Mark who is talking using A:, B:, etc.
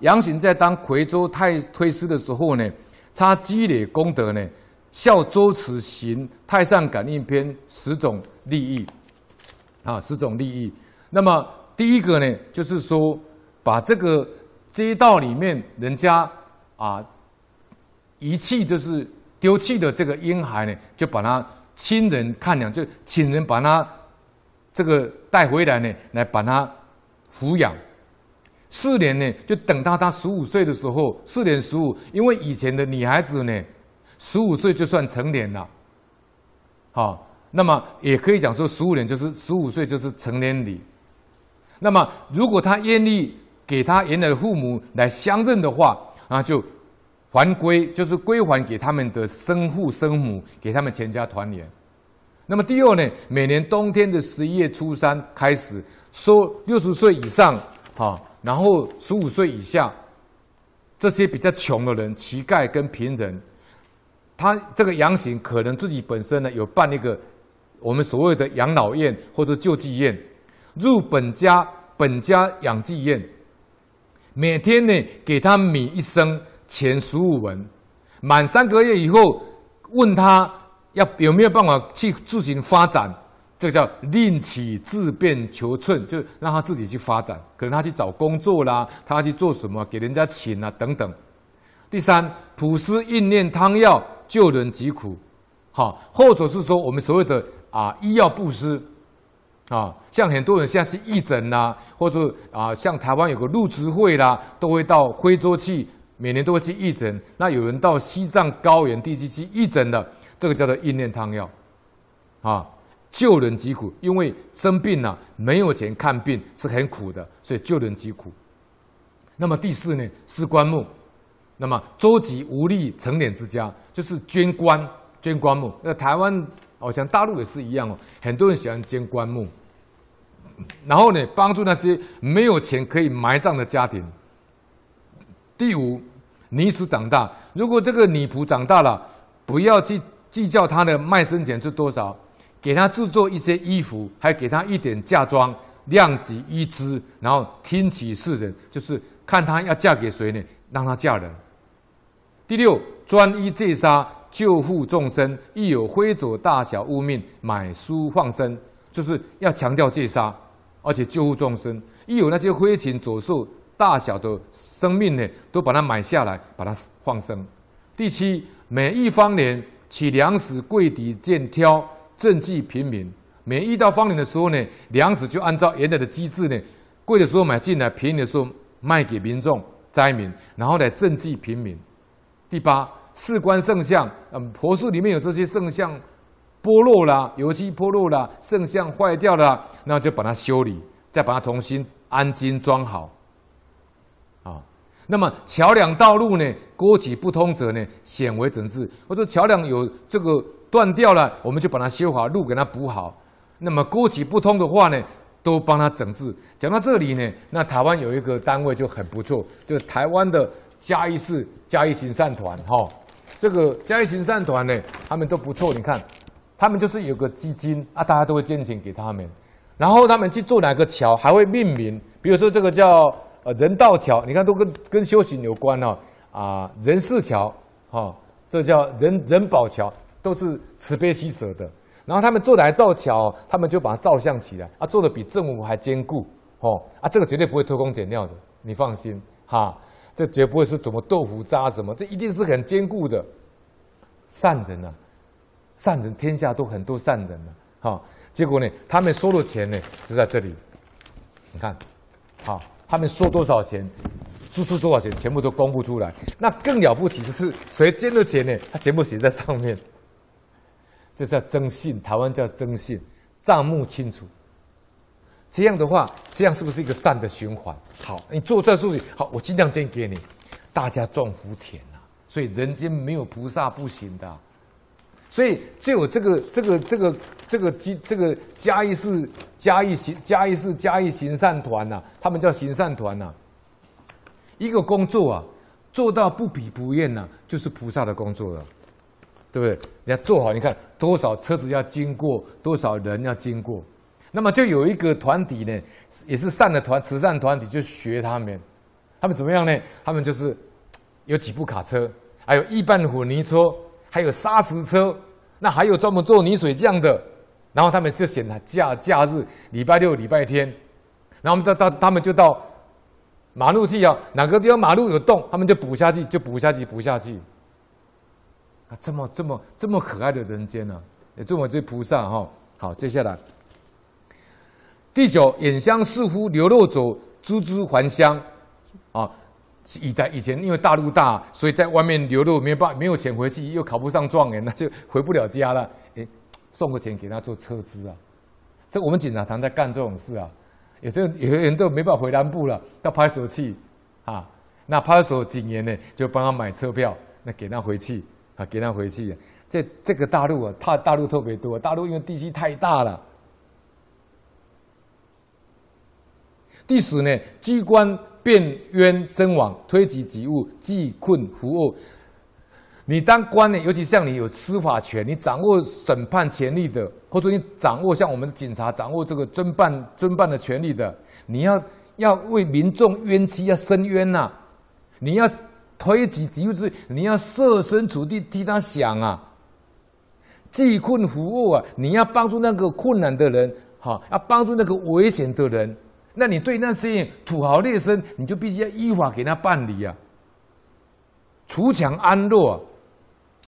A: 楊旬在當夔州太推司的時候呢，他積累功德呢，效諸此行《太上感應篇》十種利益，啊，十種利益。那麼第一個呢，就是說把這個街道裡面人家啊遺棄就是丟棄的這個嬰孩呢，就把他親人看養，就請人把他這個帶回來呢，來把他撫養。四年呢，就等到他十五歲的時候，四年十五，因為以前的女孩子呢，十五歲就算成年了。好，那麼也可以講說，十五年就是十五歲就是成年禮。那麼如果他願意給他原來的父母來相認的話，啊，就還歸就是歸還給他們的生父生母，給他們全家團圓。那麼第二呢，每年冬天的十一月初三開始說六十歲以上，哈。然後十五歲以下，這些比較窮的人、乞丐跟貧人，他這個楊旬行可能自己本身呢有辦一個，我們所謂的養老院或者救濟院，入本家，本家養濟院，每天呢給他米一升，錢十五文，滿三個月以後問他要有沒有辦法去自行發展。這個叫令其自便求存，就讓他自己去發展。可能他去找工作啦，他去做什麼給人家請啊等等。第三，普施應念湯藥救人疾苦，好，或者是說我們所謂的啊醫藥布施啊，像很多人現在去義診啦、啊，或是啊像台灣有個路竹會啦、啊，都會到徽州去，每年都會去義診。那有人到西藏高原地區去義診的，這個叫做應念湯藥啊。救人疾苦，因為生病了啊，沒有錢看病是很苦的，所以救人疾苦。那麼第四呢是棺木，那麼周急無力成年之家，就是捐棺、捐棺木。那台灣哦，像大陸也是一樣哦，很多人喜歡捐棺木。然後呢，幫助那些沒有錢可以埋葬的家庭。第五，泥石長大，如果這個女僕長大了，不要去計較她的賣身錢是多少。給他製作一些衣服，還給他一點嫁妝，量及衣資，然後聽其事人，就是看他要嫁給誰呢？讓他嫁人。第六，專一戒殺，救護眾生；亦有飛走大小物命，買書放生，就是要強調戒殺，而且救護眾生。亦有那些灰禽走獸、大小的生命呢，都把它買下來，把它放生。第七，每一方年取糧食，跪底見挑，賑濟貧民，每遇到荒年的時候呢，糧食就按照原來的機制呢，貴的時候買進來，便宜的時候賣給民眾、災民，然後來賑濟貧民。第八，事關聖像，嗯，佛寺裡面有這些聖像，剝落啦，油漆剝落啦，聖像壞掉了，那就把它修理，再把它重新安金裝好。啊，那麼橋樑道路呢，溝渠不通者呢，顯為整治。或者橋樑有這個。斷掉了，我們就把它修好，路給它補好。那麼溝渠不通的話呢，都幫它整治。講到這裡呢，那台灣有一個單位就很不錯，就台灣的嘉義市嘉義行善團哈、哦。這個嘉義行善團呢，他們都不錯。你看，他們就是有個基金啊，大家都會捐錢給他們。然後他們去做哪個橋，還會命名，比如說這個叫呃人道橋，你看都跟跟修行有關哈啊、呃、人世橋哈、哦，這叫人人保橋。都是慈悲喜捨的，然後他們做的還造橋，他們就把它照相起來，啊，做的比政府還堅固，哦，啊，這個絕對不會偷工減料的，你放心哈，這絕不會是怎麼豆腐渣什麼，這一定是很堅固的。善人吶、啊，善人天下都很多善人呢、啊，哈，結果呢，他們收了錢呢，就在這裡，你看，哈，他們收多少錢，支出多少錢，全部都公布出來。那更了不起的是誰捐的錢呢？他全部寫在上面。這叫徵信，台灣叫徵信，賬目清楚。這樣的話，這樣是不是一個善的循環？好，你做這事情，好，我盡量捐給你。大家種福田吶、啊，所以人間沒有菩薩不行的、啊。所以，只有這個、這個、這個、這個，這個、這個嘉義市嘉義行嘉義市嘉義行善團吶、啊，他們叫行善團吶、啊。一個工作啊，做到不疲不厭吶、啊，就是菩薩的工作了。對不對？你要做好，你看多少車子要經過，多少人要經過，那麼就有一個團體呢，也是善的團，慈善團體就學他們，他們怎麼樣呢？他們就是有幾部卡車，還有一半的混泥車，還有砂石車，那還有專門做泥水匠的，然後他們就選了假假日，禮拜六、禮拜天，然後他到到他們就到馬路去啊，哪個地方馬路有洞，他們就補下去，就補下去，補下去。啊，這麼這麼這麼可愛的人間呢、啊，也這麼這菩薩哈、哦。好，接下來第九，遠鄉似乎流落走，租資還鄉啊。以在以前因爲大陸大，所以在外面流落，沒有辦沒有錢回去，又考不上狀元，那就回不了家了。誒送個錢給他做車資啊。這我們警察常在幹這種事啊。有這有人都沒辦法回南部了，到派出所去啊。那派出所警員呢，就幫他買車票，那給他回去。啊，給他回去。這這個大陸啊，他大，大陸特別多，大陸因為地區太大了。第十呢，居官辨冤伸枉，推己及物，濟困扶厄。你當官呢，尤其像你有司法權，你掌握審判權力的，或者你掌握像我們警察掌握這個偵辦、偵辦的權利的，你要要為民眾冤屈要伸冤吶、啊，你要。推己及物是，你要設身處地替他想啊。濟困扶弱啊，你要幫助那個困難的人，好、啊，要幫助那個危險的人，那你對那些土豪劣紳，你就必須要依法給他辦理啊，除強安弱、啊。